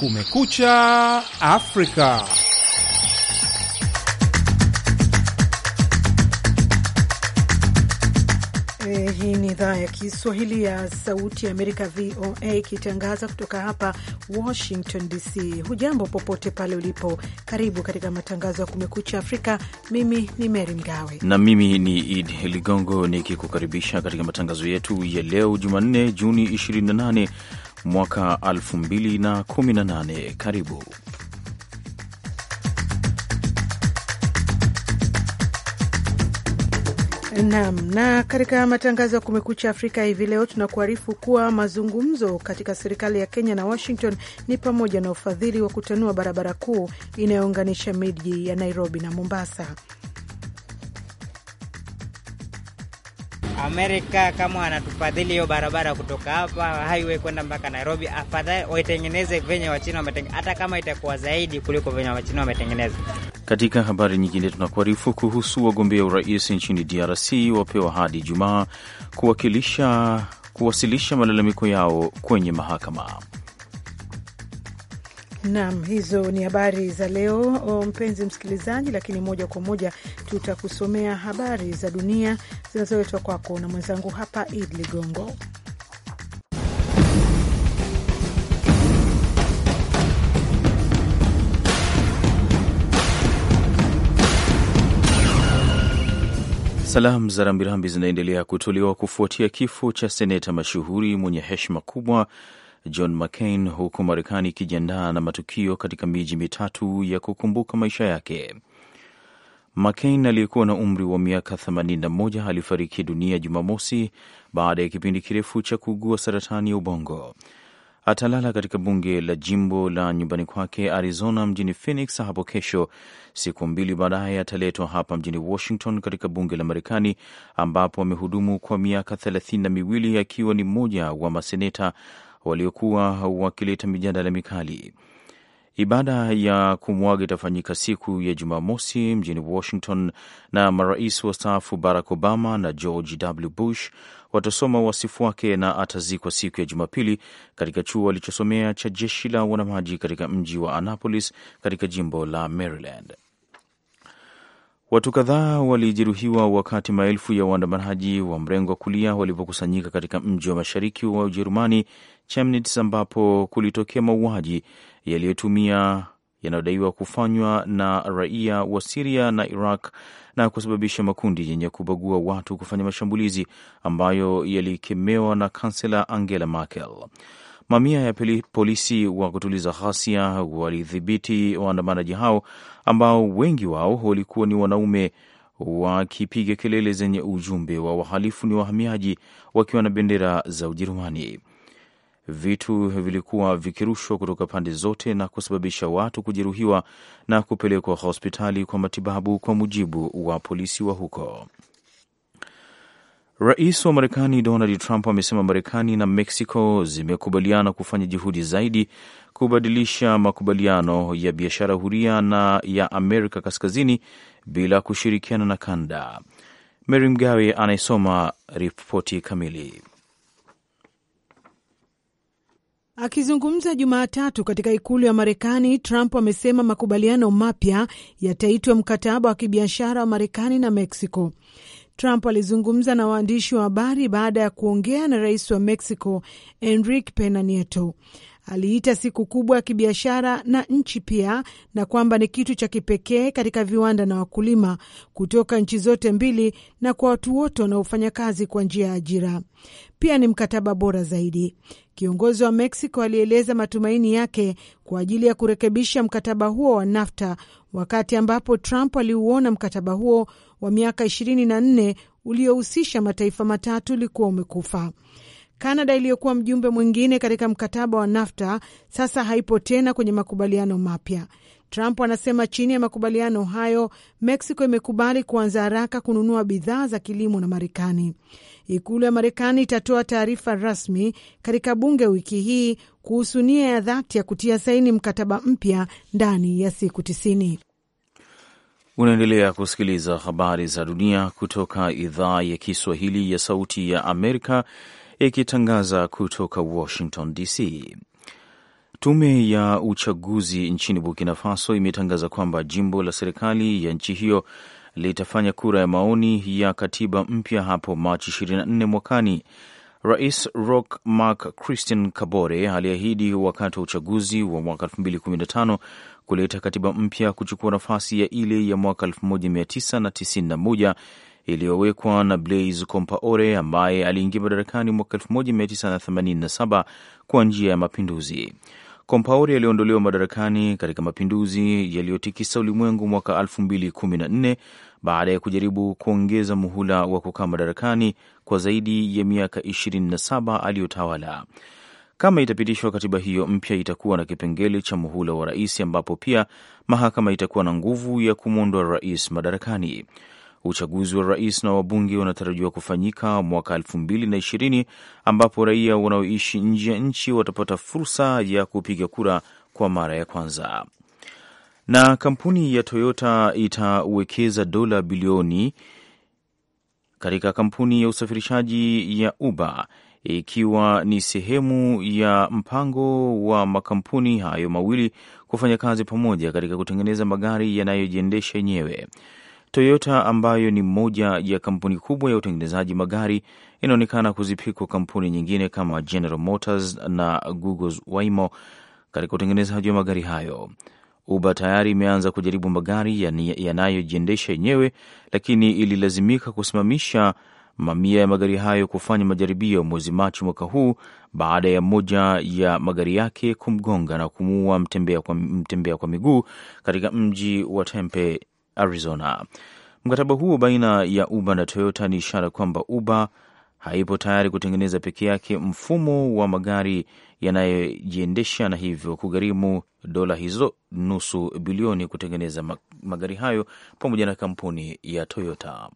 Kumekucha Afrika. Eh, hii ni idhaa ya Kiswahili ya Sauti ya Amerika, VOA, ikitangaza kutoka hapa Washington DC. Hujambo popote pale ulipo, karibu katika matangazo ya Kumekucha Afrika. Mimi ni Mary Mgawe na mimi ni Id Ligongo nikikukaribisha katika matangazo yetu ya leo Jumanne, Juni 28 mwaka 2018. Karibu nam na katika matangazo ya Kumekucha Afrika hivi leo tunakuarifu kuwa mazungumzo katika serikali ya Kenya na Washington ni pamoja na ufadhili wa kutanua barabara kuu inayounganisha miji ya Nairobi na Mombasa. Amerika kama wanatufadhili hiyo barabara kutoka hapa highway kwenda mpaka Nairobi, afadhali waitengeneze venye Wachina wametengeneza, hata kama itakuwa zaidi kuliko venye Wachina wametengeneza. Katika habari nyingine, tunakuarifu kuhusu wagombea urais nchini DRC wapewa hadi Ijumaa kuwakilisha kuwasilisha malalamiko yao kwenye mahakama. Naam, hizo ni habari za leo, mpenzi msikilizaji, lakini moja kwa moja tutakusomea habari za dunia zinazoletwa kwako na mwenzangu hapa Id Ligongo. Salamu za rambirambi zinaendelea kutolewa kufuatia kifo cha seneta mashuhuri mwenye heshima kubwa John McCain huku Marekani ikijiandaa na matukio katika miji mitatu ya kukumbuka maisha yake. McCain aliyekuwa na umri wa miaka 81 alifariki dunia Jumamosi baada ya kipindi kirefu cha kuugua saratani ya ubongo. Atalala katika bunge la jimbo la nyumbani kwake Arizona mjini Phoenix hapo kesho. Siku mbili baadaye ataletwa hapa mjini Washington katika bunge la Marekani ambapo amehudumu kwa miaka thelathini na miwili akiwa ni mmoja wa maseneta waliokuwa wakileta mijadala mikali. Ibada ya kumwaga itafanyika siku ya Jumamosi mjini Washington, na marais wastaafu Barack Obama na George W. Bush watasoma wasifu wake na atazikwa siku ya Jumapili katika chuo alichosomea cha jeshi la wanamaji katika mji wa Annapolis katika jimbo la Maryland. Watu kadhaa walijeruhiwa wakati maelfu ya waandamanaji wa mrengo wa kulia walipokusanyika katika mji wa mashariki wa Ujerumani, Chemnitz, ambapo kulitokea mauaji yaliyotumia yanayodaiwa kufanywa na raia wa Siria na Iraq na kusababisha makundi yenye kubagua watu kufanya mashambulizi ambayo yalikemewa na kansela Angela Merkel. Mamia ya polisi wa kutuliza ghasia walidhibiti waandamanaji hao ambao wengi wao walikuwa ni wanaume wakipiga kelele zenye ujumbe wa wahalifu ni wahamiaji, wakiwa na bendera za Ujerumani. Vitu vilikuwa vikirushwa kutoka pande zote na kusababisha watu kujeruhiwa na kupelekwa hospitali kwa matibabu, kwa mujibu wa polisi wa huko. Rais wa Marekani Donald Trump amesema Marekani na Mexico zimekubaliana kufanya juhudi zaidi kubadilisha makubaliano ya biashara huria na ya Amerika Kaskazini bila kushirikiana na Kanada. Mary Mgawe anayesoma ripoti kamili. Akizungumza Jumatatu katika ikulu ya Marekani, Trump amesema makubaliano mapya yataitwa mkataba wa kibiashara wa Marekani na Mexico. Trump alizungumza na waandishi wa habari baada ya kuongea na rais wa Mexico Enrique Pena Nieto. Aliita siku kubwa ya kibiashara na nchi pia, na kwamba ni kitu cha kipekee katika viwanda na wakulima kutoka nchi zote mbili, na kwa watu wote wanaofanya kazi kwa njia ya ajira. Pia ni mkataba bora zaidi. Kiongozi wa Mexico alieleza matumaini yake kwa ajili ya kurekebisha mkataba huo wa NAFTA wakati ambapo Trump aliuona mkataba huo wa miaka 24 uliohusisha mataifa matatu ulikuwa umekufa. Kanada iliyokuwa mjumbe mwingine katika mkataba wa NAFTA sasa haipo tena kwenye makubaliano mapya. Trump anasema chini ya makubaliano hayo, Mexico imekubali kuanza haraka kununua bidhaa za kilimo na Marekani. Ikulu ya Marekani itatoa taarifa rasmi katika bunge wiki hii kuhusu nia ya dhati ya kutia saini mkataba mpya ndani ya siku tisini. Unaendelea kusikiliza habari za dunia kutoka idhaa ya Kiswahili ya Sauti ya Amerika ikitangaza kutoka Washington DC. Tume ya uchaguzi nchini Burkina Faso imetangaza kwamba jimbo la serikali ya nchi hiyo litafanya kura ya maoni ya katiba mpya hapo Machi 24 mwakani. Rais Roch Marc Christian Kabore aliahidi wakati wa uchaguzi wa mwaka 2015 kuleta katiba mpya kuchukua nafasi ya ile ya mwaka 1991 iliyowekwa na Blaise Compaore ambaye aliingia madarakani mwaka 1987 kwa njia ya mapinduzi. Compaore aliondolewa madarakani katika mapinduzi yaliyotikisa ulimwengu mwaka 2014 baada ya kujaribu kuongeza muhula wa kukaa madarakani kwa zaidi ya miaka 27 aliyotawala. Kama itapitishwa, katiba hiyo mpya itakuwa na kipengele cha muhula wa rais, ambapo pia mahakama itakuwa na nguvu ya kumwondoa rais madarakani. Uchaguzi wa rais na wabunge unatarajiwa kufanyika mwaka elfu mbili na ishirini ambapo raia wanaoishi nje ya nchi watapata fursa ya kupiga kura kwa mara ya kwanza. Na kampuni ya Toyota itawekeza dola bilioni katika kampuni ya usafirishaji ya Uber ikiwa ni sehemu ya mpango wa makampuni hayo mawili kufanya kazi pamoja katika kutengeneza magari yanayojiendesha yenyewe. Toyota ambayo ni moja ya kampuni kubwa ya utengenezaji magari inaonekana kuzipikwa kampuni nyingine kama General Motors na Google's Waymo katika utengenezaji wa magari hayo. Uber tayari imeanza kujaribu magari yanayojiendesha yenyewe, lakini ililazimika kusimamisha mamia ya magari hayo kufanya majaribio mwezi Machi mwaka huu baada ya moja ya magari yake kumgonga na kumuua mtembea kwa, mtembea kwa miguu katika mji wa Tempe, Arizona. Mkataba huo baina ya Uber na Toyota ni ishara kwamba Uber haipo tayari kutengeneza peke yake mfumo wa magari yanayojiendesha na hivyo kugharimu dola hizo nusu bilioni kutengeneza magari hayo pamoja na kampuni ya Toyota.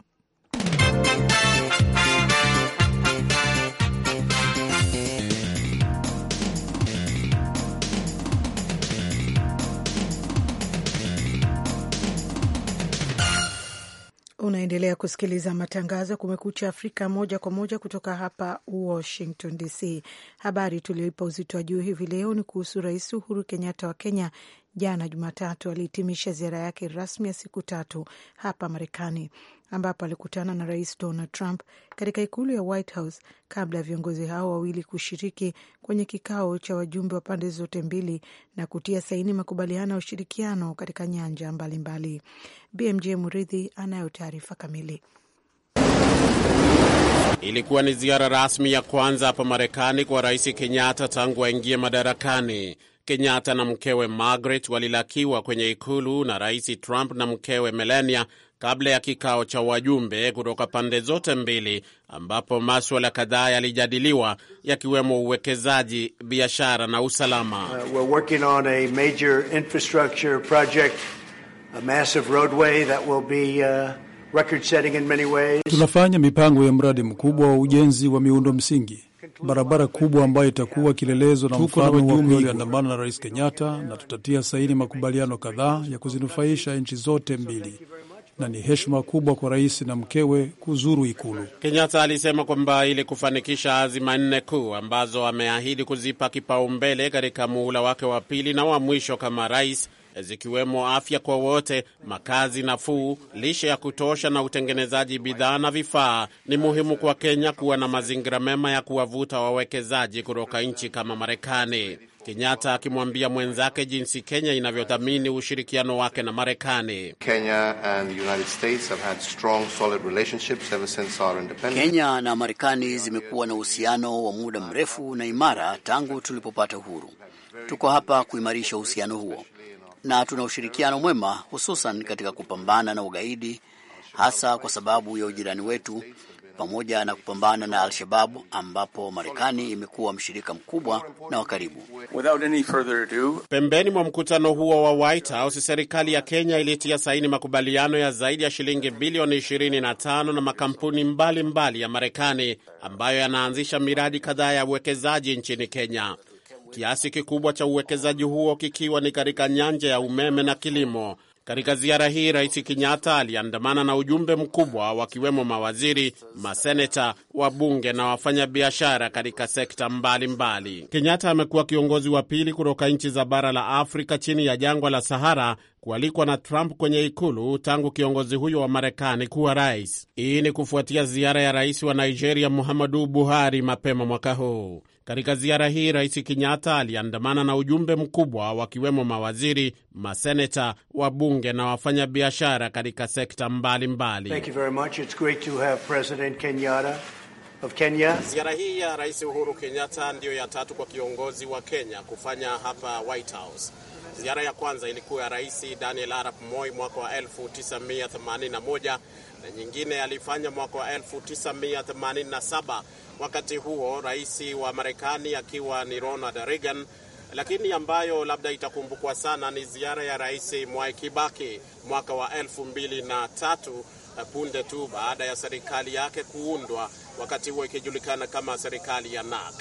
Unaendelea kusikiliza matangazo ya Kumekucha Afrika moja kwa moja kutoka hapa Washington DC. Habari tulioipa uzito wa juu hivi leo ni kuhusu Rais Uhuru Kenyatta wa Kenya. Jana Jumatatu alihitimisha ziara yake rasmi ya siku tatu hapa Marekani ambapo alikutana na Rais Donald Trump katika ikulu ya White House kabla ya viongozi hao wawili kushiriki kwenye kikao cha wajumbe wa pande zote mbili na kutia saini makubaliano ya ushirikiano katika nyanja mbalimbali mbali. BMJ Muridhi anayo taarifa kamili. Ilikuwa ni ziara rasmi ya kwanza hapa Marekani kwa Rais Kenyatta tangu aingie madarakani. Kenyatta na mkewe Margaret walilakiwa kwenye ikulu na Rais Trump na mkewe Melania kabla ya kikao cha wajumbe kutoka pande zote mbili, ambapo maswala kadhaa yalijadiliwa yakiwemo uwekezaji, biashara na usalama. Uh, uh, Tunafanya mipango ya mradi mkubwa wa ujenzi wa miundo msingi barabara kubwa ambayo itakuwa kilelezo na mfano wa wajumbe walioandamana na Rais Kenyatta, na tutatia saini makubaliano kadhaa ya kuzinufaisha nchi zote mbili na ni heshima kubwa kwa rais na mkewe kuzuru Ikulu. Kenyatta alisema kwamba ili kufanikisha azima nne kuu ambazo ameahidi kuzipa kipaumbele katika muhula wake wa pili na wa mwisho kama rais, zikiwemo afya kwa wote, makazi nafuu, lishe ya kutosha na utengenezaji bidhaa na vifaa, ni muhimu kwa Kenya kuwa na mazingira mema ya kuwavuta wawekezaji kutoka nchi kama Marekani. Kenyatta akimwambia mwenzake jinsi Kenya inavyothamini ushirikiano wake na Marekani. Kenya, na Marekani zimekuwa na uhusiano wa muda mrefu na imara tangu tulipopata uhuru. Tuko hapa kuimarisha uhusiano huo na tuna ushirikiano mwema, hususan katika kupambana na ugaidi, hasa kwa sababu ya ujirani wetu pamoja na kupambana na Al-Shababu ambapo Marekani imekuwa mshirika mkubwa na wa karibu. Pembeni mwa mkutano huo wa White House, serikali ya Kenya ilitia saini makubaliano ya zaidi ya shilingi bilioni 25 na makampuni mbalimbali mbali ya Marekani ambayo yanaanzisha miradi kadhaa ya uwekezaji nchini Kenya. Kiasi kikubwa cha uwekezaji huo kikiwa ni katika nyanja ya umeme na kilimo katika ziara hii, Rais Kenyatta aliandamana na ujumbe mkubwa wakiwemo mawaziri, maseneta, wabunge na wafanyabiashara katika sekta mbalimbali. Kenyatta amekuwa kiongozi wa pili kutoka nchi za bara la Afrika chini ya jangwa la Sahara kualikwa na Trump kwenye ikulu tangu kiongozi huyo wa Marekani kuwa rais. Hii ni kufuatia ziara ya rais wa Nigeria Muhammadu Buhari mapema mwaka huu. Katika ziara hii, Rais Kenyatta aliandamana na ujumbe mkubwa wakiwemo mawaziri, maseneta, wabunge na wafanyabiashara katika sekta mbalimbali mbali. Kenya. Ziara hii ya Rais Uhuru Kenyatta ndiyo ya tatu kwa kiongozi wa Kenya kufanya hapa White House. Ziara ya kwanza ilikuwa ya Rais Daniel Arap Moi mwaka wa 1981 na nyingine alifanya mwaka wa 1987, wakati huo rais wa Marekani akiwa ni Ronald Reagan, lakini ambayo labda itakumbukwa sana ni ziara ya Rais Mwai Kibaki mwaka wa 2003 punde tu baada ya serikali yake kuundwa, wakati huo ikijulikana kama serikali ya NAK.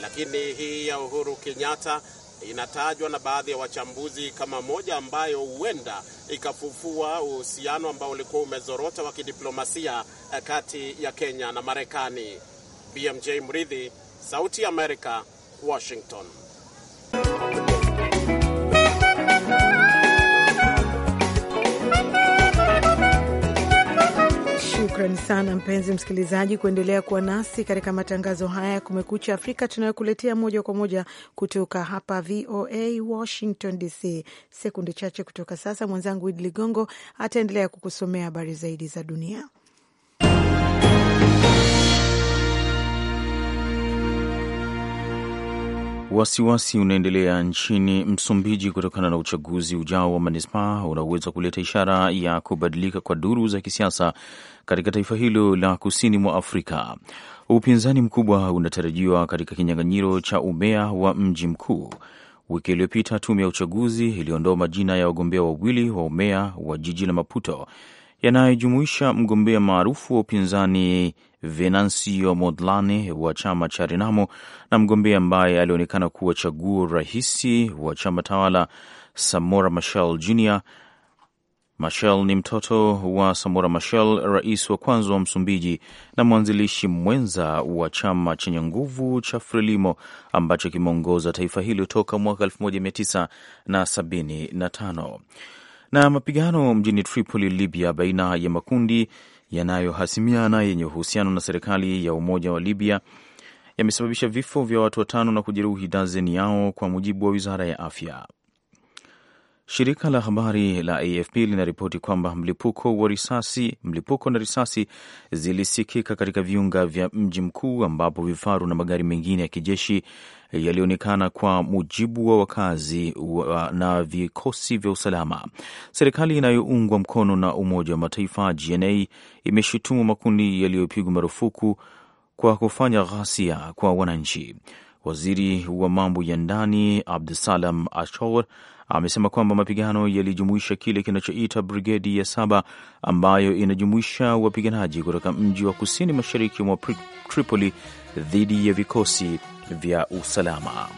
Lakini hii ya Uhuru Kenyatta inatajwa na baadhi ya wachambuzi kama moja ambayo huenda ikafufua uhusiano ambao ulikuwa umezorota wa kidiplomasia eh, kati ya Kenya na Marekani. BMJ Mridhi, Sauti ya Amerika, Washington. Shukrani sana mpenzi msikilizaji, kuendelea kuwa nasi katika matangazo haya ya Kumekucha Afrika tunayokuletea moja kwa moja kutoka hapa VOA Washington DC. Sekunde chache kutoka sasa, mwenzangu Idi Ligongo ataendelea kukusomea habari zaidi za dunia. Wasiwasi unaendelea nchini Msumbiji kutokana na uchaguzi ujao wa manispaa unaoweza kuleta ishara ya kubadilika kwa duru za kisiasa katika taifa hilo la kusini mwa Afrika. Upinzani mkubwa unatarajiwa katika kinyang'anyiro cha umea wa mji mkuu. Wiki iliyopita tume ya uchaguzi iliondoa majina ya wagombea wawili wa umea wa jiji la Maputo yanayojumuisha mgombea maarufu wa upinzani Venancio Modlani wa chama cha Renamo na mgombea ambaye alionekana kuwa chaguo rahisi wa chama tawala Samora Machel Jr. Machel ni mtoto wa Samora Machel, rais wa kwanza wa Msumbiji na mwanzilishi mwenza wa chama chenye nguvu cha Frelimo ambacho kimeongoza taifa hilo toka mwaka 1975 na mapigano mjini Tripoli, Libya, baina ya makundi yanayohasimiana yenye uhusiano na serikali ya umoja wa Libya yamesababisha vifo vya watu watano na kujeruhi dazeni yao, kwa mujibu wa wizara ya afya. Shirika la habari la AFP linaripoti kwamba mlipuko wa risasi, mlipuko na risasi zilisikika katika viunga vya mji mkuu ambapo vifaru na magari mengine ya kijeshi yalionekana kwa mujibu wa wakazi wa na vikosi vya usalama. Serikali inayoungwa mkono na Umoja wa Mataifa GNA imeshutumu makundi yaliyopigwa marufuku kwa kufanya ghasia kwa wananchi. Waziri wa mambo ya ndani Abdusalam Ashor amesema kwamba mapigano yalijumuisha kile kinachoita brigedi ya saba ambayo inajumuisha wapiganaji kutoka mji wa kusini mashariki mwa Tripoli dhidi ya vikosi vya usalama.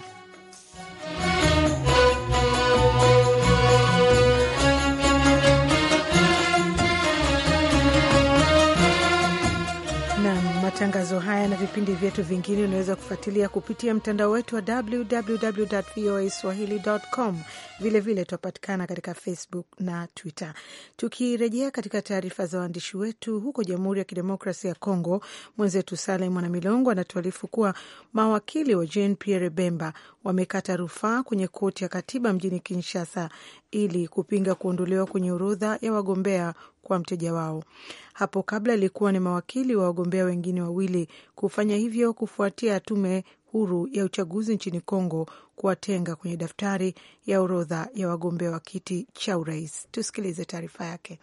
Matangazo haya na vipindi vyetu vingine unaweza kufuatilia kupitia mtandao wetu wa www voa swahili.com. Vilevile tunapatikana katika Facebook na Twitter. Tukirejea katika taarifa za waandishi wetu huko Jamhuri ya Kidemokrasia ya congo mwenzetu Saleh Mwanamilongo anatuarifu kuwa mawakili wa Jean Pierre Bemba wamekata rufaa kwenye koti ya katiba mjini Kinshasa ili kupinga kuondolewa kwenye orodha ya wagombea kwa mteja wao. Hapo kabla ilikuwa ni mawakili wa wagombea wengine wawili kufanya hivyo kufuatia tume huru ya uchaguzi nchini Kongo kuwatenga kwenye daftari ya orodha ya wagombea wa kiti cha urais. Tusikilize taarifa yake.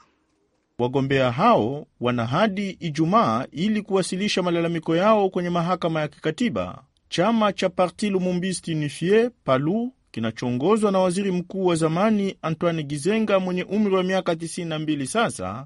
Wagombea hao wana hadi Ijumaa ili kuwasilisha malalamiko yao kwenye mahakama ya kikatiba. Chama cha Parti Lumumbisti Unifie Palu kinachoongozwa na waziri mkuu wa zamani Antoine Gizenga mwenye umri wa miaka 92 sasa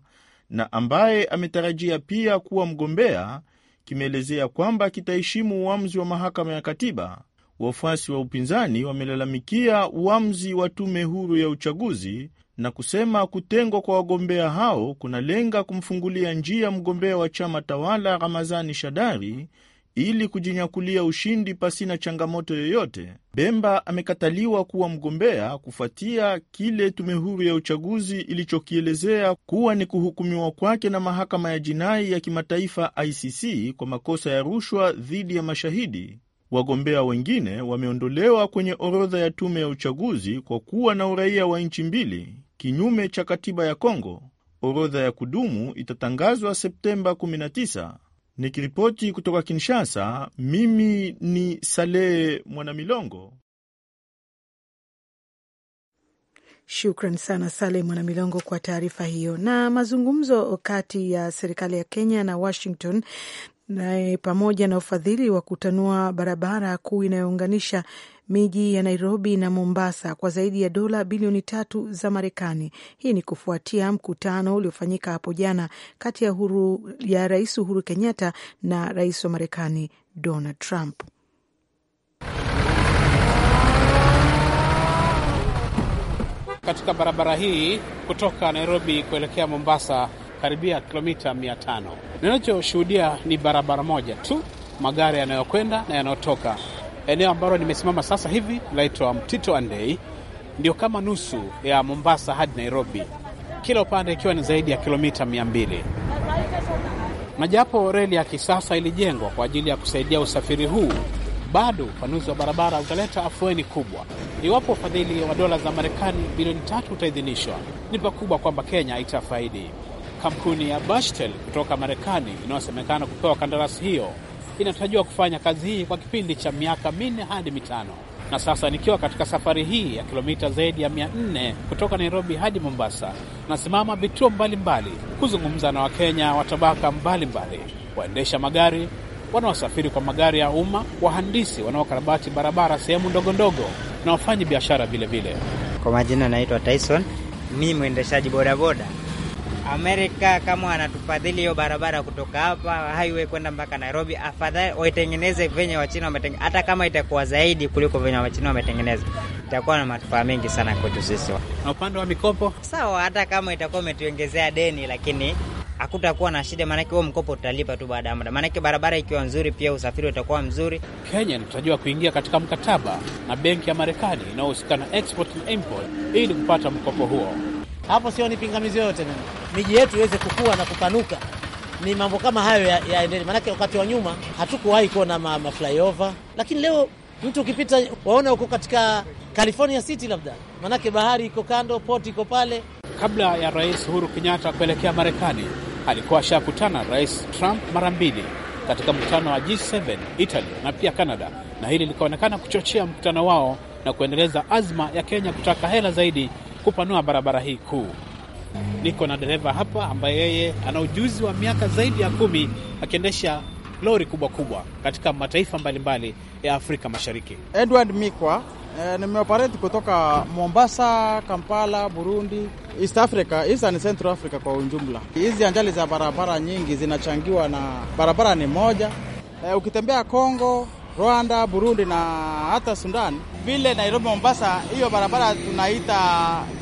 na ambaye ametarajia pia kuwa mgombea, kimeelezea kwamba kitaheshimu uamuzi wa mahakama ya katiba. Wafuasi wa upinzani wamelalamikia uamuzi wa tume huru ya uchaguzi na kusema kutengwa kwa wagombea hao kunalenga kumfungulia njia mgombea wa chama tawala Ramazani Shadari ili kujinyakulia ushindi pasina changamoto yoyote. Bemba amekataliwa kuwa mgombea kufuatia kile tume huru ya uchaguzi ilichokielezea kuwa ni kuhukumiwa kwake na mahakama ya jinai ya kimataifa ICC kwa makosa ya rushwa dhidi ya mashahidi. Wagombea wengine wameondolewa kwenye orodha ya tume ya uchaguzi kwa kuwa na uraia wa nchi mbili, kinyume cha katiba ya Kongo. Orodha ya kudumu itatangazwa Septemba 19. Nikiripoti kutoka Kinshasa, mimi ni Salehe Mwanamilongo. Shukran sana Sale Mwanamilongo kwa taarifa hiyo. Na mazungumzo kati ya serikali ya Kenya na Washington naye pamoja na ufadhili wa kutanua barabara kuu inayounganisha miji ya Nairobi na Mombasa kwa zaidi ya dola bilioni tatu za Marekani. Hii ni kufuatia mkutano uliofanyika hapo jana kati ya, huru, ya Rais Uhuru Kenyatta na rais wa Marekani Donald Trump. Katika barabara hii kutoka Nairobi kuelekea Mombasa karibia kilomita mia tano. Ninachoshuhudia ni barabara moja tu, magari yanayokwenda na yanayotoka. Eneo ambalo nimesimama sasa hivi laitwa Mtito Andei, ndio kama nusu ya Mombasa hadi Nairobi, kila upande ikiwa ni zaidi ya kilomita mia mbili. Na japo reli ya kisasa ilijengwa kwa ajili ya kusaidia usafiri huu, bado upanuzi wa barabara utaleta afueni kubwa. Iwapo ufadhili wa dola za Marekani bilioni tatu utaidhinishwa, ni pakubwa kwamba Kenya itafaidi. Kampuni ya Bechtel kutoka Marekani inayosemekana kupewa kandarasi hiyo inatarajiwa kufanya kazi hii kwa kipindi cha miaka minne hadi mitano. Na sasa nikiwa katika safari hii ya kilomita zaidi ya mia nne kutoka Nairobi hadi Mombasa, nasimama vituo mbalimbali kuzungumza na Wakenya wa tabaka mbalimbali, waendesha magari, wanaosafiri kwa magari ya umma, wahandisi wanaokarabati barabara sehemu ndogo ndogo, na wafanyi biashara vilevile. Kwa majina naitwa Tyson, mi mwendeshaji bodaboda Amerika kama wanatufadhili hiyo barabara kutoka hapa highway kwenda mpaka Nairobi, afadhali waitengeneze venye Wachina wametengeneza, hata kama itakuwa zaidi kuliko venye Wachina wametengeneza, itakuwa na manufaa mengi sana kwetu sisi. Na upande wa mikopo, sawa, hata kama itakuwa umetuongezea deni, lakini hakutakuwa na shida, maanake huo mkopo utalipa tu baada ya muda, maanake barabara ikiwa nzuri, pia usafiri utakuwa mzuri. Kenya inatarajiwa kuingia katika mkataba na benki ya Marekani inayohusika na export na import ili kupata mkopo huo. Hapo sio ni pingamizi yoyote, mimi miji yetu iweze kukua na kupanuka, ni mambo kama hayo yaendelee ya, maanake wakati wa nyuma hatukuwahi kuona ma, ma flyover, lakini leo mtu ukipita waona uko katika California City labda, maanake bahari iko kando, poti iko pale. Kabla ya Rais Uhuru Kenyatta kuelekea Marekani, alikuwa ashakutana Rais Trump mara mbili katika mkutano wa G7 Italy na pia Canada, na hili likaonekana kuchochea mkutano wao na kuendeleza azma ya Kenya kutaka hela zaidi kupanua barabara hii kuu. Niko na dereva hapa ambaye yeye ana ujuzi wa miaka zaidi ya kumi akiendesha lori kubwa kubwa katika mataifa mbalimbali mbali ya Afrika Mashariki. Edward Mikwa, eh, nimeoperate kutoka Mombasa, Kampala, Burundi, East Africa, East and Central Africa kwa ujumla. Hizi ajali za barabara nyingi zinachangiwa na barabara ni moja. Eh, ukitembea Kongo, Rwanda, Burundi na hata Sudani vile Nairobi Mombasa, hiyo barabara tunaita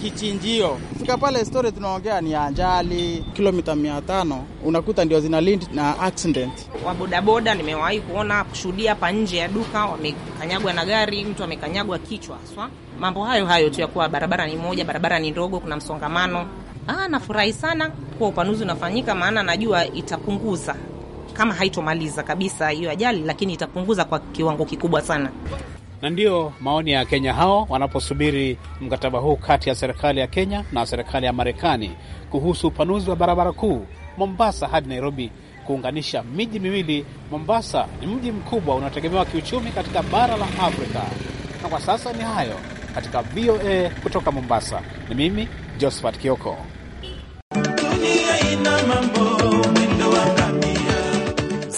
kichinjio. Fika pale story tunaongea ni ajali, kilomita mia tano unakuta ndio zina lind na accident. Wabodaboda nimewahi kuona kushuhudia hapa nje ya duka, wamekanyagwa na gari, mtu amekanyagwa kichwa swa. Mambo hayo hayo tu ya kuwa barabara ni moja, barabara ni ndogo, kuna msongamano. Ah, nafurahi sana kuwa upanuzi unafanyika, maana najua itapunguza kama haitomaliza kabisa hiyo ajali, lakini itapunguza kwa kiwango kikubwa sana na ndiyo maoni ya Kenya hao wanaposubiri mkataba huu kati ya serikali ya Kenya na serikali ya Marekani kuhusu upanuzi wa barabara kuu Mombasa hadi Nairobi, kuunganisha miji miwili. Mombasa ni mji mkubwa unaotegemewa kiuchumi katika bara la Afrika. Na kwa sasa ni hayo katika VOA kutoka Mombasa. Ni mimi Josephat Kioko.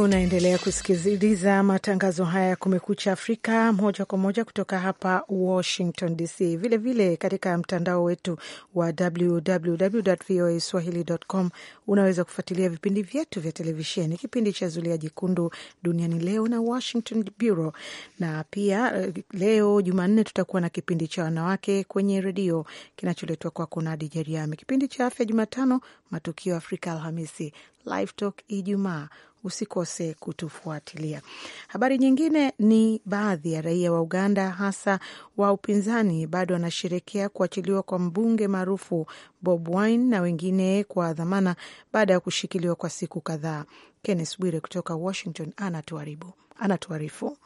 Unaendelea kusikiliza matangazo haya ya Kumekucha Afrika moja kwa moja kutoka hapa Washington DC, vilevile katika mtandao wetu wa www voa swahili.com. Unaweza kufuatilia vipindi vyetu vya televisheni, kipindi cha Zulia Jekundu, Duniani Leo na Washington Bureau. Na pia eh, leo Jumanne tutakuwa na kipindi cha wanawake kwenye redio kinacholetwa kwako na Khadija kipindi cha afya Jumatano, matukio Afrika Alhamisi, Live Talk Ijumaa usikose kutufuatilia. Habari nyingine ni baadhi ya raia wa Uganda, hasa wa upinzani, bado wanasherekea kuachiliwa kwa mbunge maarufu Bob Wine na wengine kwa dhamana baada ya kushikiliwa kwa siku kadhaa. Kenneth Bwire kutoka Washington anatuarifu.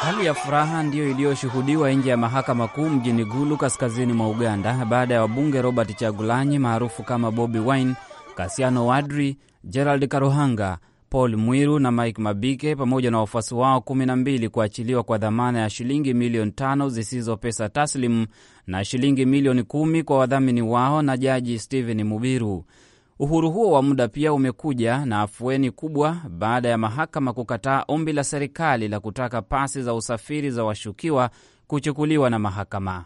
Hali ya furaha ndiyo iliyoshuhudiwa nje ya mahakama kuu mjini Gulu, kaskazini mwa Uganda, baada ya wabunge Robert Chagulanyi maarufu kama Bobi Wine, Kasiano Wadri, Gerald Karuhanga, Paul Mwiru na Mike Mabike pamoja na wafuasi wao 12 mbili kuachiliwa kwa dhamana ya shilingi milioni tano zisizo pesa taslimu na shilingi milioni kumi kwa wadhamini wao na Jaji Stephen Mubiru. Uhuru huo wa muda pia umekuja na afueni kubwa baada ya mahakama kukataa ombi la serikali la kutaka pasi za usafiri za washukiwa kuchukuliwa na mahakama.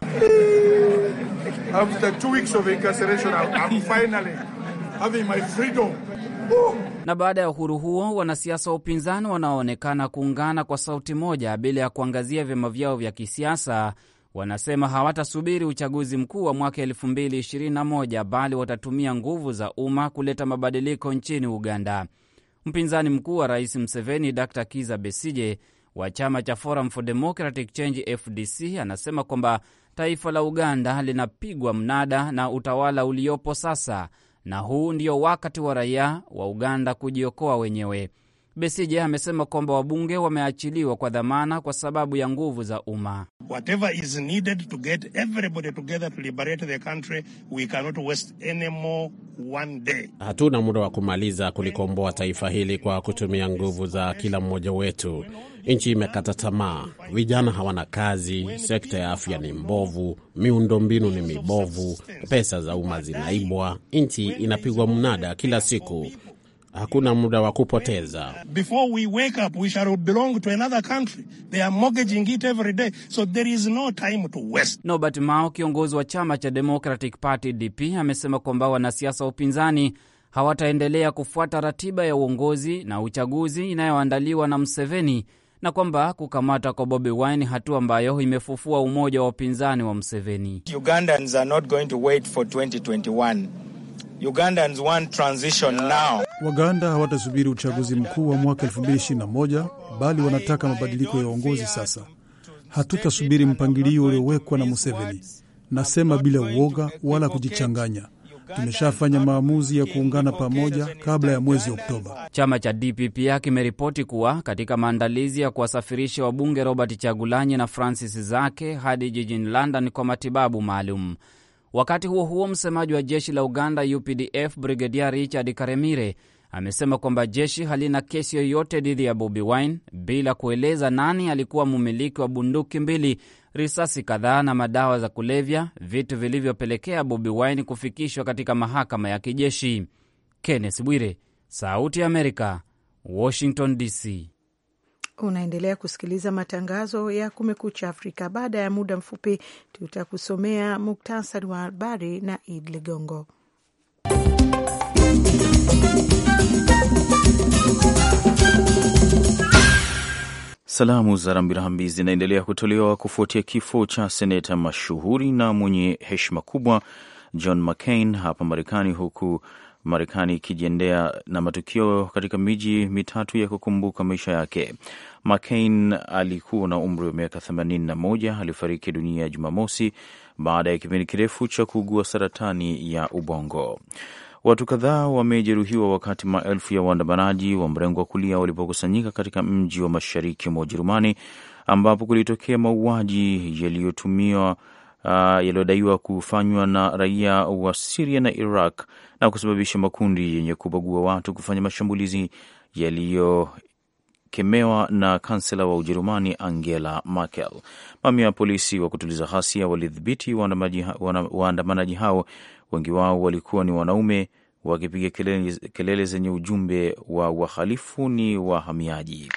Na baada ya uhuru huo, wanasiasa wa upinzani wanaoonekana kuungana kwa sauti moja bila ya kuangazia vyama vyao vya kisiasa wanasema hawatasubiri uchaguzi mkuu wa mwaka 2021 bali watatumia nguvu za umma kuleta mabadiliko nchini Uganda. Mpinzani mkuu wa rais Mseveni, Dr Kiza Besije wa chama cha Forum for Democratic Change FDC, anasema kwamba taifa la Uganda linapigwa mnada na utawala uliopo sasa, na huu ndio wakati wa raia wa Uganda kujiokoa wenyewe besije amesema kwamba wabunge wameachiliwa kwa dhamana kwa sababu ya nguvu za umma. Hatuna muda wa kumaliza kulikomboa taifa hili kwa kutumia nguvu za kila mmoja wetu. Nchi imekata tamaa, vijana hawana kazi, sekta ya afya ni mbovu, miundombinu ni mibovu, pesa za umma zinaibwa, nchi inapigwa mnada kila siku. Hakuna muda wa kupoteza. Norbert Mao, kiongozi wa chama cha Democratic Party DP, amesema kwamba wanasiasa wa upinzani hawataendelea kufuata ratiba ya uongozi na uchaguzi inayoandaliwa na Mseveni na kwamba kukamata kwa Bobi Wine hatua ambayo imefufua umoja wa upinzani wa Mseveni. Ugandans are not going to wait for 2021. Ugandans want transition now. Waganda hawatasubiri uchaguzi mkuu wa mwaka 2021 bali wanataka mabadiliko ya uongozi sasa. Hatutasubiri mpangilio uliowekwa na Museveni. Nasema bila uoga wala kujichanganya. Tumeshafanya maamuzi ya kuungana pamoja kabla ya mwezi Oktoba. Chama cha DPP kimeripoti kuwa katika maandalizi ya kuwasafirisha wabunge Robert Chagulanyi na Francis Zake hadi jijini London kwa matibabu maalum. Wakati huo huo, msemaji wa jeshi la Uganda UPDF Brigedia Richard Karemire amesema kwamba jeshi halina kesi yoyote dhidi ya Bobi Wine bila kueleza nani alikuwa mumiliki wa bunduki mbili, risasi kadhaa na madawa za kulevya, vitu vilivyopelekea Bobi Wine kufikishwa katika mahakama ya kijeshi. Kenneth Bwire, Sauti ya Amerika, Washington DC. Unaendelea kusikiliza matangazo ya Kumekucha Afrika. Baada ya muda mfupi, tutakusomea muktasari wa habari na Id Ligongo. Salamu za rambirambi zinaendelea kutolewa kufuatia kifo cha seneta mashuhuri na mwenye heshima kubwa John McCain hapa Marekani, huku Marekani ikijiendea na matukio katika miji mitatu ya kukumbuka maisha yake. McCain alikuwa na umri wa miaka 81. Alifariki dunia ya Jumamosi baada ya kipindi kirefu cha kuugua saratani ya ubongo. Watu kadhaa wamejeruhiwa wakati maelfu ya waandamanaji wa mrengo wa kulia walipokusanyika katika mji wa mashariki mwa Ujerumani ambapo kulitokea mauaji yaliyotumiwa uh, yaliyodaiwa kufanywa na raia wa Siria na Iraq na kusababisha makundi yenye kubagua watu kufanya mashambulizi yaliyokemewa na kansela wa Ujerumani Angela Merkel. Mamia ya polisi wa kutuliza ghasia walidhibiti waandamanaji hao, wengi wao walikuwa ni wanaume wakipiga kelele, kelele zenye ujumbe wa wahalifu ni wahamiaji.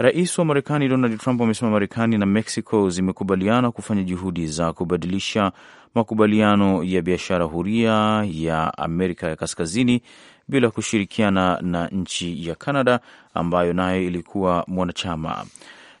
Rais wa Marekani Donald Trump amesema Marekani na Mexico zimekubaliana kufanya juhudi za kubadilisha makubaliano ya biashara huria ya Amerika ya Kaskazini bila kushirikiana na nchi ya canada ambayo nayo ilikuwa mwanachama.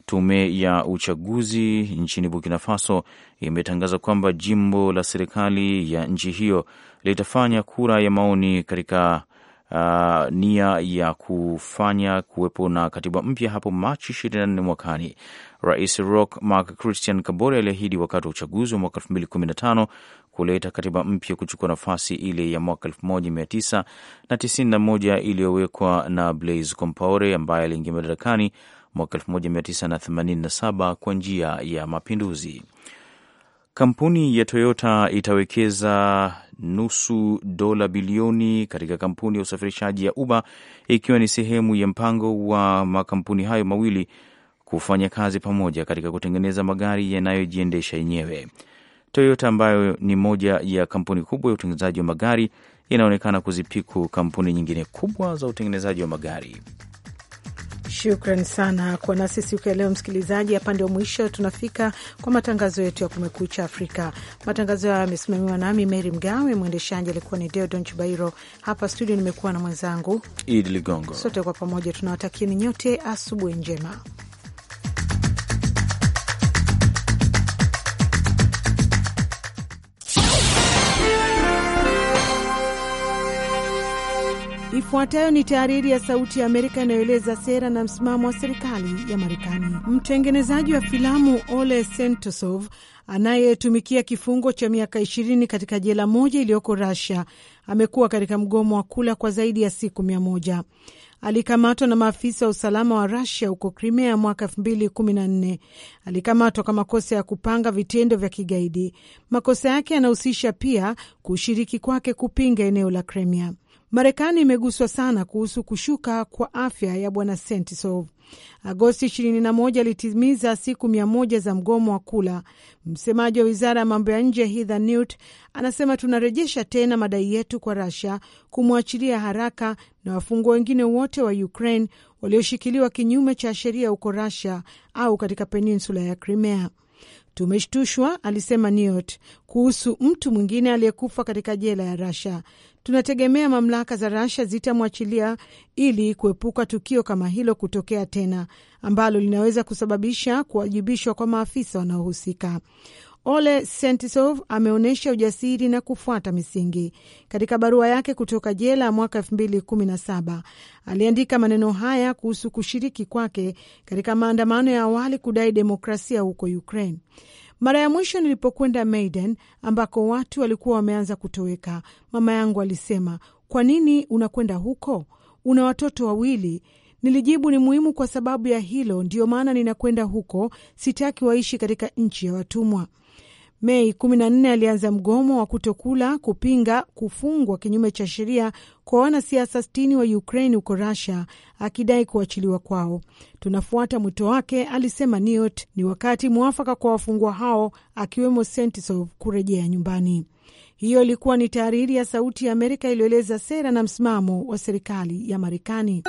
Tume ya uchaguzi nchini Burkina Faso imetangaza kwamba jimbo la serikali ya nchi hiyo litafanya kura ya maoni katika uh, nia ya kufanya kuwepo na katiba mpya hapo Machi 24 mwakani. Rais Roch Marc Christian Kabore aliahidi wakati wa uchaguzi wa mwaka 2015 kuleta katiba mpya kuchukua nafasi ile ya mwaka 1991 iliyowekwa na Blaise Compaore ambaye aliingia madarakani mwaka 1987 kwa njia ya mapinduzi. Kampuni ya Toyota itawekeza nusu dola bilioni katika kampuni ya usafirishaji ya Uber, ikiwa ni sehemu ya mpango wa makampuni hayo mawili kufanya kazi pamoja katika kutengeneza magari yanayojiendesha yenyewe. Toyota ambayo ni moja ya kampuni kubwa ya utengenezaji wa magari inaonekana kuzipiku kampuni nyingine kubwa za utengenezaji wa magari. Shukran sana kwa nasi siku ya leo, msikilizaji. Hapa ndio mwisho tunafika kwa matangazo yetu ya Kumekucha Afrika. Matangazo hayo yamesimamiwa nami Mary Mgawe, mwendeshaji alikuwa ni Deodon Chibairo. Hapa studio nimekuwa na mwenzangu Idi Ligongo. Sote kwa pamoja tunawatakieni nyote asubuhi njema. Ifuatayo ni tahariri ya Sauti ya Amerika inayoeleza sera na msimamo wa serikali ya Marekani. Mtengenezaji wa filamu Ole Sentosov anayetumikia kifungo cha miaka ishirini katika jela moja iliyoko Russia amekuwa katika mgomo wa kula kwa zaidi ya siku mia moja. Alikamatwa na maafisa wa usalama wa rasia huko Crimea mwaka elfu mbili kumi na nne. Alikamatwa kwa makosa ya kupanga vitendo vya kigaidi. Makosa yake yanahusisha pia kushiriki kwake kupinga eneo la Crimea. Marekani imeguswa sana kuhusu kushuka kwa afya ya bwana Sentisov. Agosti 21 alitimiza siku mia moja za mgomo wa kula. Msemaji wa wizara ya mambo ya nje Heather Nauert anasema tunarejesha tena madai yetu kwa rasia kumwachilia haraka na wafungwa wengine wote wa Ukraine walioshikiliwa kinyume cha sheria huko rusia au katika peninsula ya Crimea. Tumeshtushwa, alisema Niyot kuhusu mtu mwingine aliyekufa katika jela ya Rasha. Tunategemea mamlaka za Rasha zitamwachilia ili kuepuka tukio kama hilo kutokea tena, ambalo linaweza kusababisha kuwajibishwa kwa maafisa wanaohusika. Ole sentisov ameonyesha ujasiri na kufuata misingi. Katika barua yake kutoka jela mwaka 2017 aliandika maneno haya kuhusu kushiriki kwake katika maandamano ya awali kudai demokrasia huko Ukraine. Mara ya mwisho nilipokwenda Maiden ambako watu walikuwa wameanza kutoweka, mama yangu alisema, kwa nini unakwenda huko? Una watoto wawili. Nilijibu, ni muhimu kwa sababu ya hilo, ndiyo maana ninakwenda huko. Sitaki waishi katika nchi ya watumwa. Mei 14 alianza mgomo wa kutokula kupinga kufungwa kinyume cha sheria kwa wanasiasa 60 wa Ukraine huko Russia, akidai kuachiliwa kwao. Tunafuata mwito wake, alisema Niot. Ni wakati mwafaka kwa wafungwa hao akiwemo Sentisov kurejea nyumbani. Hiyo ilikuwa ni tahariri ya Sauti ya Amerika iliyoeleza sera na msimamo wa serikali ya Marekani.